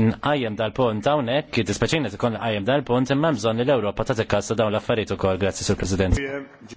Nqajjem dal-punt hawnhekk, tispeċina tkun qajjem dal-punt imma bżonn li europa ta' t-kassa dawn l affarietu ukoll, grazzi sur President.